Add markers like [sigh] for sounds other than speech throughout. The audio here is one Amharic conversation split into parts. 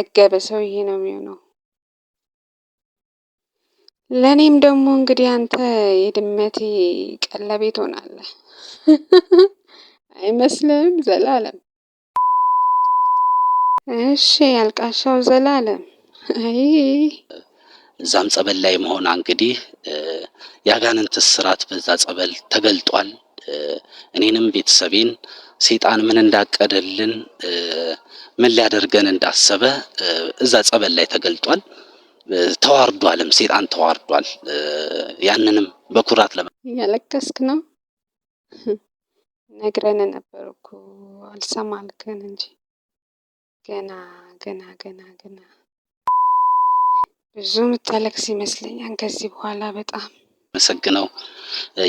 ጥገበ ሰውዬ ነው የሚሆነው። ለእኔም ደግሞ እንግዲህ አንተ የድመቴ ቀለቤት ሆናለህ [laughs] አይመስልም? ዘላለም እሺ፣ ያልቃሻው ዘላለም። አይ እዛም ጸበል ላይ መሆና እንግዲህ የአጋንንት ስራት በዛ ጸበል ተገልጧል። እኔንም ቤተሰቤን ሴጣን ምን እንዳቀደልን ምን ሊያደርገን እንዳሰበ እዛ ጸበል ላይ ተገልጧል። ተዋርዷልም፣ ሴጣን ተዋርዷል። ያንንም በኩራት ለመ እያለቀስክ ነው። ነግረን ነበር እኮ አልሰማ እንጂ ገና ገና ገና ገና ብዙ የምታለቅስ ይመስለኛል። ከዚህ በኋላ በጣም መሰግነው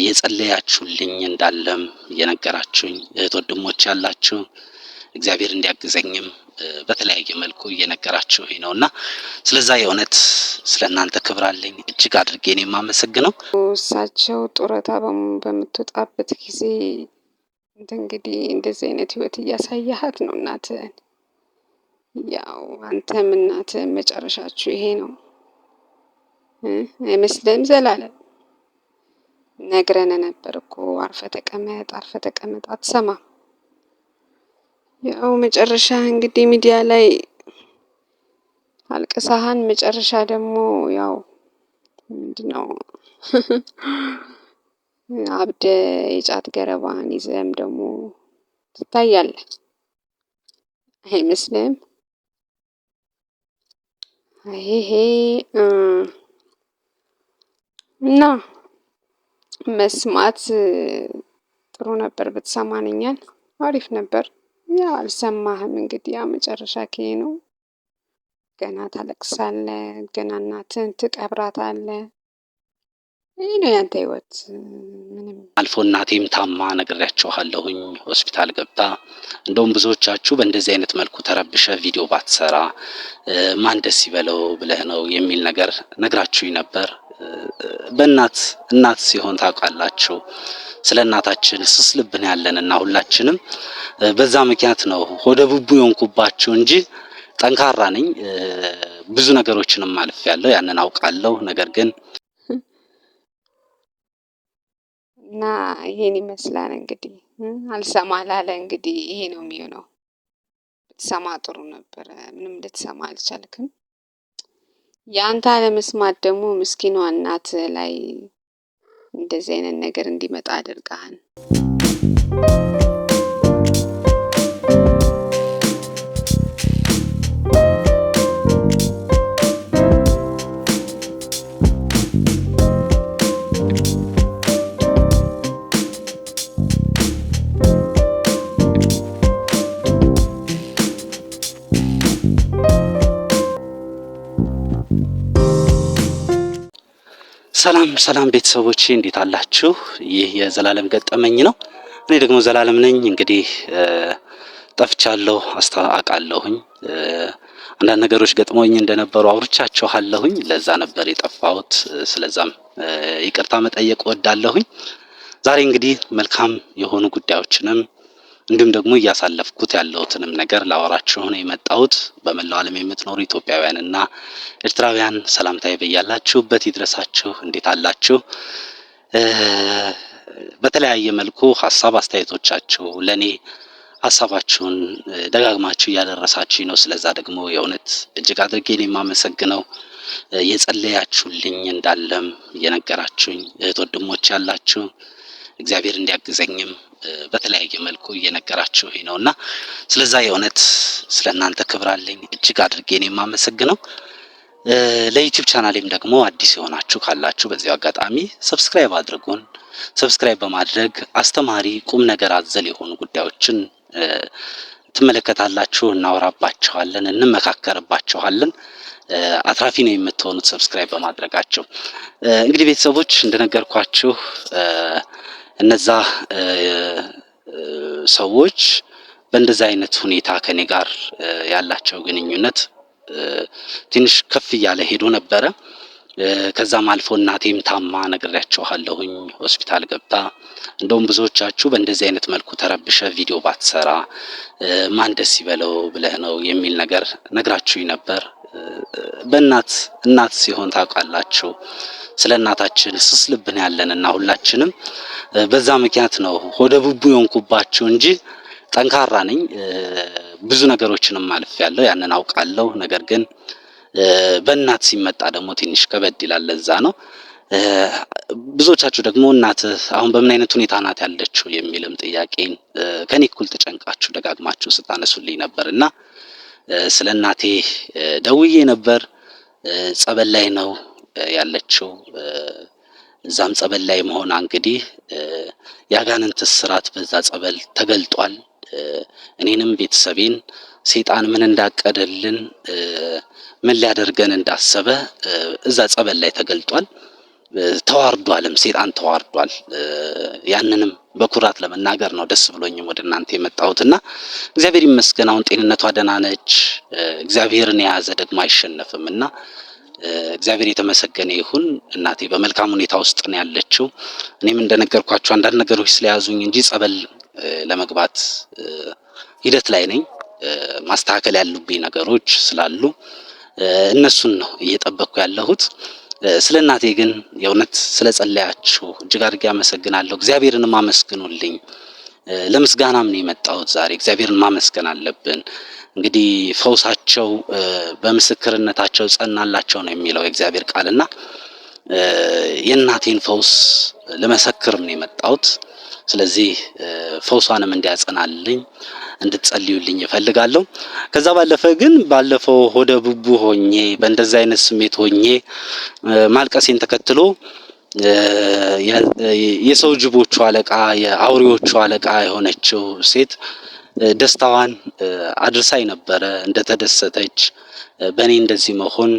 የጸለያችሁልኝ እንዳለም የነገራችሁኝ እህት ወንድሞች ያላችሁ እግዚአብሔር እንዲያግዘኝም በተለያየ መልኩ እየነገራችሁ ነው እና ስለዛ የእውነት ስለ እናንተ ክብር አለኝ እጅግ አድርጌ ነው የማመሰግነው። እሳቸው ጡረታ በምትወጣበት ጊዜ እንግዲህ እንደዚህ አይነት ህይወት እያሳያሃት ነው እናትህን። ያው አንተም እናትህን መጨረሻችሁ ይሄ ነው አይመስልህም? ዘላለም ነግረን ነበር እኮ አርፈ ተቀመጥ፣ አርፈ ተቀመጥ፣ አትሰማም ያው መጨረሻ እንግዲህ ሚዲያ ላይ አልቅሳህን መጨረሻ ደግሞ ያው ምንድነው [laughs] አብደ የጫት ገረባን ይዘም ደግሞ ትታያለ። አይመስልም ይሄ እና መስማት ጥሩ ነበር ብትሰማን አሪፍ ነበር። ያው አልሰማህም እንግዲህ ያ መጨረሻ ከሄ ነው። ገና ታለቅሳለ፣ ገና እናትን ትቀብራታለ። ይህ ነው ያንተ ህይወት። ምንም አልፎ እናቴም ታማ ነግሬያችኋለሁኝ ሆስፒታል ገብታ፣ እንደውም ብዙዎቻችሁ በእንደዚህ አይነት መልኩ ተረብሸ ቪዲዮ ባትሰራ ማን ደስ ይበለው ብለህ ነው የሚል ነገር ነግራችሁኝ ነበር። በእናት እናት ሲሆን ታውቃላችሁ ስለ እናታችን ስስ ልብን ያለንና ሁላችንም በዛ ምክንያት ነው ወደ ቡቡ የሆንኩባቸው እንጂ ጠንካራ ነኝ። ብዙ ነገሮችንም ማለፍ ያለው ያንን አውቃለሁ። ነገር ግን እና ይሄን ይመስላል እንግዲህ አልሰማ ላለ እንግዲህ ይሄ ነው የሚሆነው። ብትሰማ ጥሩ ነበረ። ምንም ልትሰማ አልቻልክም። የአንተ አለመስማት ደግሞ ምስኪኗ እናት ላይ እንደዚህ አይነት ነገር እንዲመጣ አድርገሃል። ሰላም ሰላም ቤተሰቦቼ እንዴት አላችሁ? ይህ የዘላለም ገጠመኝ ነው። እኔ ደግሞ ዘላለም ነኝ። እንግዲህ ጠፍቻለሁ፣ አስተዋቃለሁኝ አንዳንድ ነገሮች ገጥሞኝ እንደነበሩ አውርቻችኋለሁኝ። ለዛ ነበር የጠፋሁት። ስለዛም ይቅርታ መጠየቅ ወዳለሁኝ። ዛሬ እንግዲህ መልካም የሆኑ ጉዳዮችንም እንዲሁም ደግሞ እያሳለፍኩት ያለሁትንም ነገር ላወራችሁ ነው የመጣሁት። በመላው ዓለም የምትኖሩ ኢትዮጵያውያንና ኤርትራውያን ሰላምታ ይበያላችሁበት ይድረሳችሁ። እንዴት አላችሁ? በተለያየ መልኩ ሀሳብ አስተያየቶቻችሁ ለእኔ ሀሳባችሁን ደጋግማችሁ እያደረሳችሁ ነው። ስለዛ ደግሞ የእውነት እጅግ አድርጌ ነው የማመሰግነው። የጸለያችሁልኝ እንዳለም እየነገራችሁኝ እህት ወንድሞች ያላችሁ እግዚአብሔር እንዲያግዘኝም በተለያየ መልኩ እየነገራችሁ ነው እና ስለዛ የእውነት ስለ እናንተ ክብር አለኝ እጅግ አድርጌ ነው የማመሰግነው። ለዩቲዩብ ቻናሌም ደግሞ አዲስ የሆናችሁ ካላችሁ በዚያው አጋጣሚ ሰብስክራይብ አድርጉን። ሰብስክራይብ በማድረግ አስተማሪ ቁም ነገር አዘል የሆኑ ጉዳዮችን ትመለከታላችሁ፣ እናወራባችኋለን፣ እንመካከርባችኋለን። አትራፊ ነው የምትሆኑት ሰብስክራይብ በማድረጋቸው እንግዲህ ቤተሰቦች እንደነገርኳችሁ እነዛ ሰዎች በእንደዛ አይነት ሁኔታ ከኔ ጋር ያላቸው ግንኙነት ትንሽ ከፍ እያለ ሄዶ ነበረ። ከዛም አልፎ እናቴም ታማ ነግሬያችኋለሁኝ ሆስፒታል ገብታ፣ እንደውም ብዙዎቻችሁ በእንደዚህ አይነት መልኩ ተረብሸ ቪዲዮ ባትሰራ ማን ደስ ይበለው ብለህ ነው የሚል ነገር ነግራችሁኝ ነበር። በእናት እናት ሲሆን ታውቃላችሁ፣ ስለ እናታችን ስስ ልብን ያለን እና ሁላችንም በዛ ምክንያት ነው ሆደ ቡቡ የሆንኩባችሁ እንጂ ጠንካራ ነኝ። ብዙ ነገሮችንም አልፌያለሁ፣ ያንን አውቃለሁ። ነገር ግን በእናት ሲመጣ ደግሞ ትንሽ ከበድ ይላል። ለዛ ነው ብዙዎቻችሁ ደግሞ እናት አሁን በምን አይነት ሁኔታ ናት ያለችው የሚልም ጥያቄን ከኔ እኩል ተጨንቃችሁ ደጋግማችሁ ስታነሱልኝ ነበር እና ስለ እናቴ ደውዬ ነበር። ጸበል ላይ ነው ያለችው። እዛም ጸበል ላይ መሆኗ እንግዲህ የአጋንንት ስራት በዛ ጸበል ተገልጧል። እኔንም ቤተሰቤን ሴጣን ምን እንዳቀደልን ምን ሊያደርገን እንዳሰበ እዛ ጸበል ላይ ተገልጧል። ተዋርዷልም፣ ሴጣን ተዋርዷል። ያንንም በኩራት ለመናገር ነው ደስ ብሎኝም ወደ እናንተ የመጣሁትና እግዚአብሔር ይመስገን አሁን ጤንነቷ ደህና ነች። እግዚአብሔርን የያዘ ደግሞ አይሸነፍም እና እግዚአብሔር የተመሰገነ ይሁን። እናቴ በመልካም ሁኔታ ውስጥ ነው ያለችው። እኔም እንደነገርኳቸው አንዳንድ ነገሮች ስለያዙኝ እንጂ ጸበል ለመግባት ሂደት ላይ ነኝ። ማስተካከል ያሉብኝ ነገሮች ስላሉ እነሱን ነው እየጠበቅኩ ያለሁት። ስለ እናቴ ግን የእውነት ስለ ጸለያችሁ እጅግ አድርጌ አመሰግናለሁ። እግዚአብሔርንም አመስግኑልኝ። ለምስጋናም ነው የመጣሁት ዛሬ። እግዚአብሔርን ማመስገን አለብን። እንግዲህ ፈውሳቸው በምስክርነታቸው ጸናላቸው ነው የሚለው የእግዚአብሔር ቃልና የእናቴን ፈውስ ለመሰክር ነው የመጣሁት። ስለዚህ ፈውሷንም እንዲያጸናልኝ እንድትጸልዩልኝ እፈልጋለሁ። ከዛ ባለፈ ግን ባለፈው ሆደ ቡቡ ሆኜ በእንደዚ አይነት ስሜት ሆኜ ማልቀሴን ተከትሎ የሰው ጅቦቹ አለቃ የአውሬዎቹ አለቃ የሆነችው ሴት ደስታዋን አድርሳይ ነበረ። እንደተደሰተች በእኔ እንደዚህ መሆን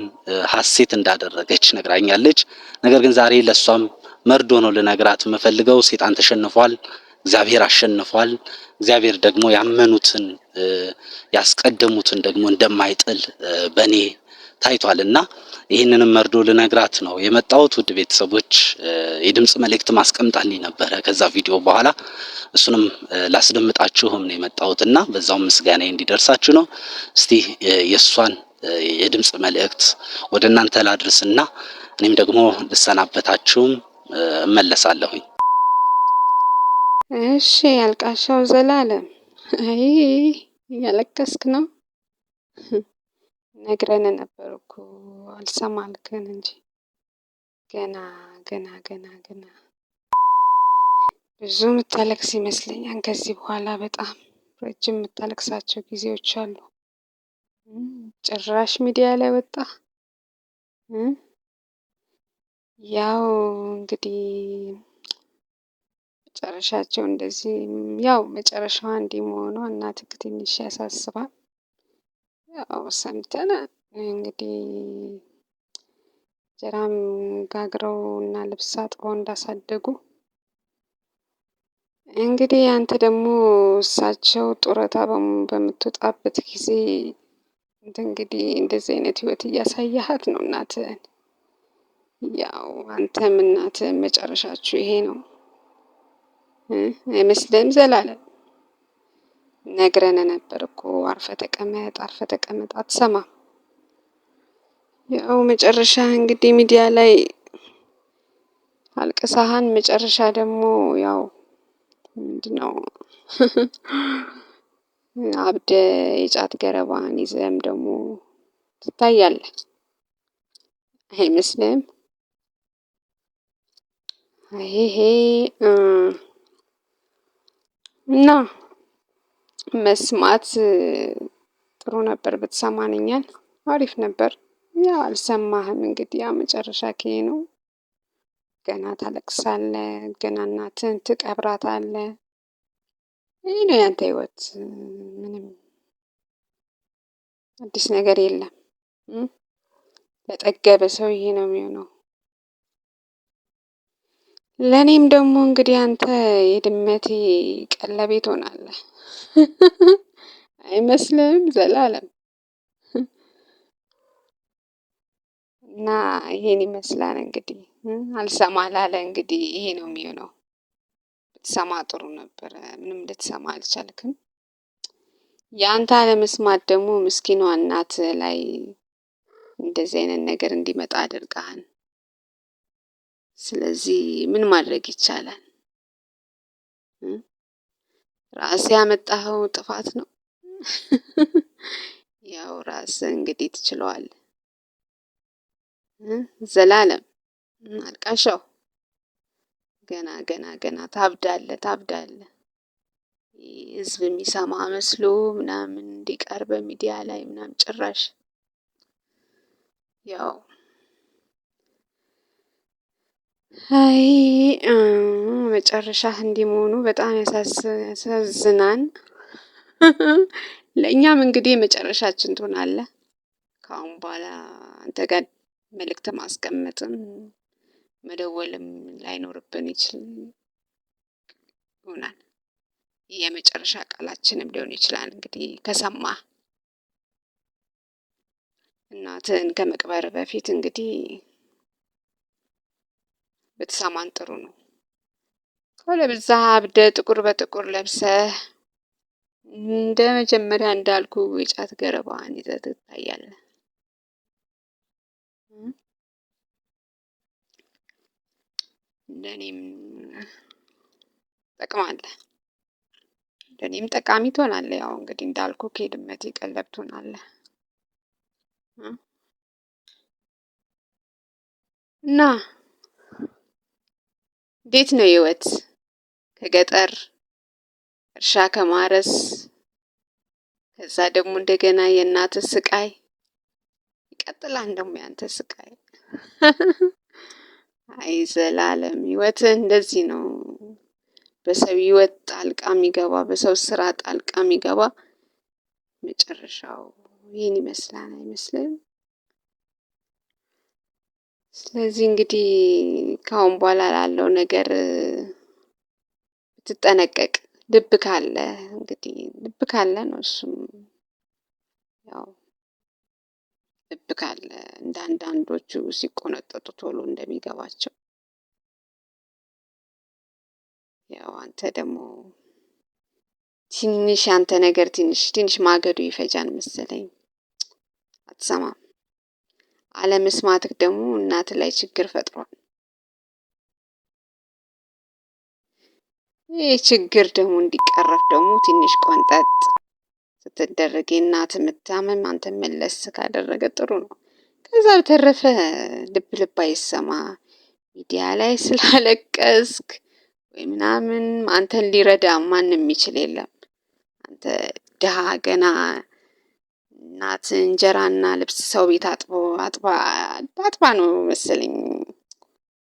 ሀሴት እንዳደረገች ነግራኛለች። ነገር ግን ዛሬ ለእሷም መርዶ ነው ልነግራት የምፈልገው። ሴጣን ተሸንፏል፣ እግዚአብሔር አሸንፏል። እግዚአብሔር ደግሞ ያመኑትን ያስቀደሙትን ደግሞ እንደማይጥል በእኔ ታይቷል እና ይህንንም መርዶ ልነግራት ነው የመጣሁት። ውድ ቤተሰቦች የድምፅ መልእክት ማስቀምጣልኝ ነበረ ከዛ ቪዲዮ በኋላ እሱንም ላስደምጣችሁም ነው የመጣሁት እና በዛውም ምስጋና እንዲደርሳችሁ ነው። እስቲ የእሷን የድምፅ መልእክት ወደ እናንተ ላድርስና እኔም ደግሞ ልሰናበታችሁም እመለሳለሁኝ። እሺ አልቃሻው ዘላለም አይ እያለቀስክ ነው። ነግረን ነበርኩ እኮ አልሰማ አልከን እንጂ ገና ገና ገና ገና ብዙ የምታለቅስ ይመስለኛል። ከዚህ በኋላ በጣም ረጅም የምታለቅሳቸው ጊዜዎች አሉ። ጭራሽ ሚዲያ ላይ ወጣ። ያው እንግዲህ መጨረሻቸው እንደዚህ ያው መጨረሻዋ እንዲህ መሆኗ እናትህ ትንሽ ያሳስባል። ያው ሰምተን እንግዲህ ጀራም ጋግረው እና ልብስ አጥበው እንዳሳደጉ እንግዲህ አንተ ደግሞ እሳቸው ጡረታ በምትወጣበት ጊዜ እንግዲህ እንደዚህ አይነት ህይወት እያሳያሃት ነው እናትህን። ያው አንተም እናትህን መጨረሻችሁ ይሄ ነው። አይመስልም ዘላለም? ነግረን ነበር እኮ አርፈ ተቀመጥ፣ አርፈ ተቀመጥ፣ አትሰማም። ያው መጨረሻ እንግዲህ ሚዲያ ላይ አልቅሳህን፣ መጨረሻ ደግሞ ያው ምንድን ነው [laughs] አብደ የጫት ገረባን ይዘም ደግሞ ትታያለ አይመስልህም? ይሄ እና መስማት ጥሩ ነበር ብትሰማን እኛን አሪፍ ነበር። ያ አልሰማህም እንግዲህ ያ መጨረሻ ከሄ ነው። ገና ታለቅሳለ፣ ገና እናትን ትቀብራታለ። ይህ ነው ያንተ ህይወት። ምንም አዲስ ነገር የለም። ለጠገበ ሰው ይሄ ነው የሚሆነው። ለእኔም ደግሞ እንግዲህ አንተ የድመቴ ቀለቤት ሆናለህ አይመስልም? ዘላለም እና ይሄን ይመስላል እንግዲህ አልሰማ ላለ እንግዲህ ይሄ ነው የሚሆነው። ብትሰማ ጥሩ ነበረ። ምንም ልትሰማ አልቻልክም። የአንተ አለመስማት ደግሞ ምስኪኗ እናት ላይ እንደዚህ አይነት ነገር እንዲመጣ አድርገሃል። ስለዚህ ምን ማድረግ ይቻላል? ራስ ያመጣኸው ጥፋት ነው። [laughs] ያው ራስ እንግዲህ ትችለዋል። ዘላለም አልቃሻው ገና ገና ገና ታብዳለ ታብዳለ ህዝብ የሚሰማ መስሎ ምናምን እንዲቀርበ በሚዲያ ላይ ምናምን ጭራሽ ያው አይ መጨረሻህ እንዲህ መሆኑ በጣም ያሳዝናን። ለእኛም እንግዲህ መጨረሻችን ትሆናለህ። ከአሁን በኋላ አንተ ጋር መልእክት ማስቀመጥም መደወልም ላይኖርብን ይችል ይሆናል። የመጨረሻ ቃላችንም ሊሆን ይችላል። እንግዲህ ከሰማ እናትን ከመቅበር በፊት እንግዲህ ብትሰማን ጥሩ ነው። ብዛ አብደ ጥቁር በጥቁር ለብሰህ እንደ መጀመሪያ እንዳልኩ የጫት ገረባን ይዘህ ትታያለህ። እንደኔም ጠቅማለህ፣ እንደኔም ጠቃሚ ትሆናለህ። ያው እንግዲህ እንዳልኩ ከድመት ቀለብ ትሆናለህ እና እንዴት ነው ህይወት? ከገጠር እርሻ ከማረስ ከዛ ደግሞ እንደገና የእናተ ስቃይ ይቀጥላል። ደግሞ ያንተ ስቃይ [laughs] አይ ዘላለም ህይወት እንደዚህ ነው። በሰው ህይወት ጣልቃ የሚገባ በሰው ስራ ጣልቃ የሚገባ መጨረሻው ይህን ይመስላል አይመስልም? ስለዚህ እንግዲህ ከአሁን በኋላ ላለው ነገር ብትጠነቀቅ፣ ልብ ካለ እንግዲህ ልብ ካለ ነው። እሱም ያው ልብ ካለ እንደ አንዳንዶቹ ሲቆነጠጡ ቶሎ እንደሚገባቸው ያው አንተ ደግሞ ትንሽ አንተ ነገር ትንሽ ትንሽ ማገዱ ይፈጃል መሰለኝ። አትሰማም አለመስማትህ ደግሞ እናት ላይ ችግር ፈጥሯል። ይህ ችግር ደግሞ እንዲቀረፍ ደግሞ ትንሽ ቆንጠጥ ስትደረግ እናት የምታመም አንተ መለስ ካደረገ ጥሩ ነው። ከዛ በተረፈ ልብ ልብ አይሰማ ሚዲያ ላይ ስላለቀስክ ወይ ምናምን አንተን ሊረዳ ማንም የሚችል የለም። አንተ ድሃ ገና እናት እንጀራና ልብስ ሰው ቤት አጥቦ አጥባ አጥባ ነው መሰለኝ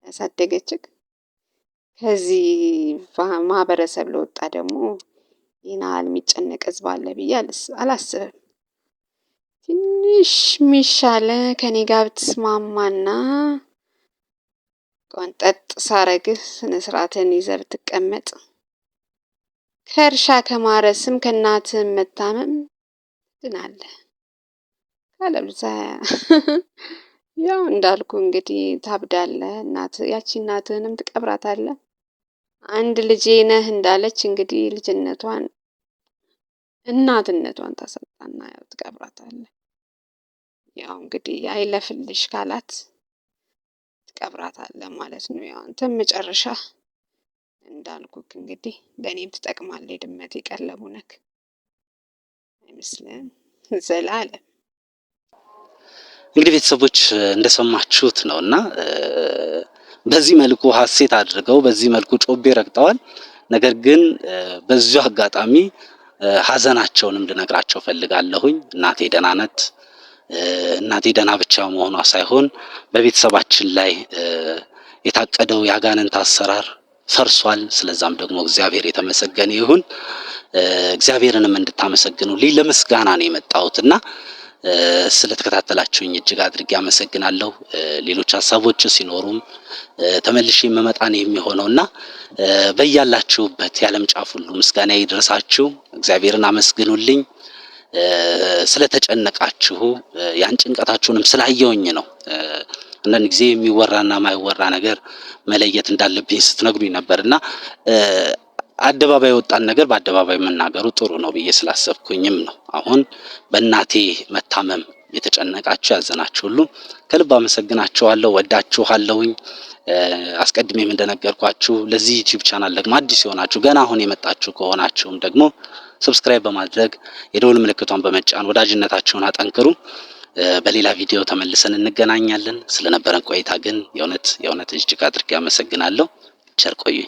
ያሳደገችግ። ከዚህ ማህበረሰብ ለወጣ ደግሞ ይህን ያህል የሚጨነቅ ህዝብ አለ ብዬ አላስብም። ትንሽ የሚሻለ ከኔ ጋር ብትስማማና ቆንጠጥ ሳረግህ ስነ ስርዓትን ይዘህ ብትቀመጥ ከእርሻ ከማረስም ከእናትህም መታመም ትድናለህ። አለብዛ [laughs] ያው እንዳልኩ እንግዲህ ታብዳለህ። እናት ያቺ እናትህንም ትቀብራታለህ። አንድ ልጄ ነህ እንዳለች እንግዲህ ልጅነቷን እናትነቷን ታሰጣና ያው ትቀብራታለህ። ያው እንግዲህ አይለፍልሽ ካላት ትቀብራታለህ ማለት ነው። ያው አንተም መጨረሻ እንዳልኩክ እንግዲህ ለእኔም ትጠቅማለህ። ድመት ቀለቡ ነክ አይመስልህም? ዘላለም እንግዲህ ቤተሰቦች እንደሰማችሁት ነው እና በዚህ መልኩ ሀሴት አድርገው በዚህ መልኩ ጮቤ ረግጠዋል። ነገር ግን በዚሁ አጋጣሚ ሀዘናቸውንም ልነግራቸው ፈልጋለሁኝ። እናቴ ደህና ናት። እናቴ ደህና ብቻ መሆኗ ሳይሆን በቤተሰባችን ላይ የታቀደው የአጋንንት አሰራር ፈርሷል። ስለዛም ደግሞ እግዚአብሔር የተመሰገነ ይሁን። እግዚአብሔርንም እንድታመሰግኑልኝ ለምስጋና ነው የመጣሁት እና ስለተከታተላችሁኝ እጅግ አድርጌ አመሰግናለሁ። ሌሎች ሀሳቦች ሲኖሩም ተመልሼ መመጣን የሚሆነው እና በያላችሁበት የዓለም ጫፍ ሁሉ ምስጋና ይድረሳችሁ። እግዚአብሔርን አመስግኑልኝ። ስለተጨነቃችሁ ያን ጭንቀታችሁንም ስላየውኝ ነው። አንዳንድ ጊዜ የሚወራና ማይወራ ነገር መለየት እንዳለብኝ ስትነግሩኝ ነበር እና አደባባይ የወጣን ነገር በአደባባይ መናገሩ ጥሩ ነው ብዬ ስላሰብኩኝም ነው። አሁን በእናቴ መታመም የተጨነቃችሁ ያዘናችሁ ሁሉ ከልብ አመሰግናችኋለሁ። ወዳችኋለሁኝ። አስቀድሜም እንደነገርኳችሁ ለዚህ ዩቲዩብ ቻናል ደግሞ አዲስ የሆናችሁ ገና አሁን የመጣችሁ ከሆናችሁም ደግሞ ሰብስክራይብ በማድረግ የደውል ምልክቷን በመጫን ወዳጅነታችሁን አጠንክሩ። በሌላ ቪዲዮ ተመልሰን እንገናኛለን። ስለነበረን ቆይታ ግን የእውነት የእውነት እጅግ አድርጌ አመሰግናለሁ። ቸር ቆዩኝ።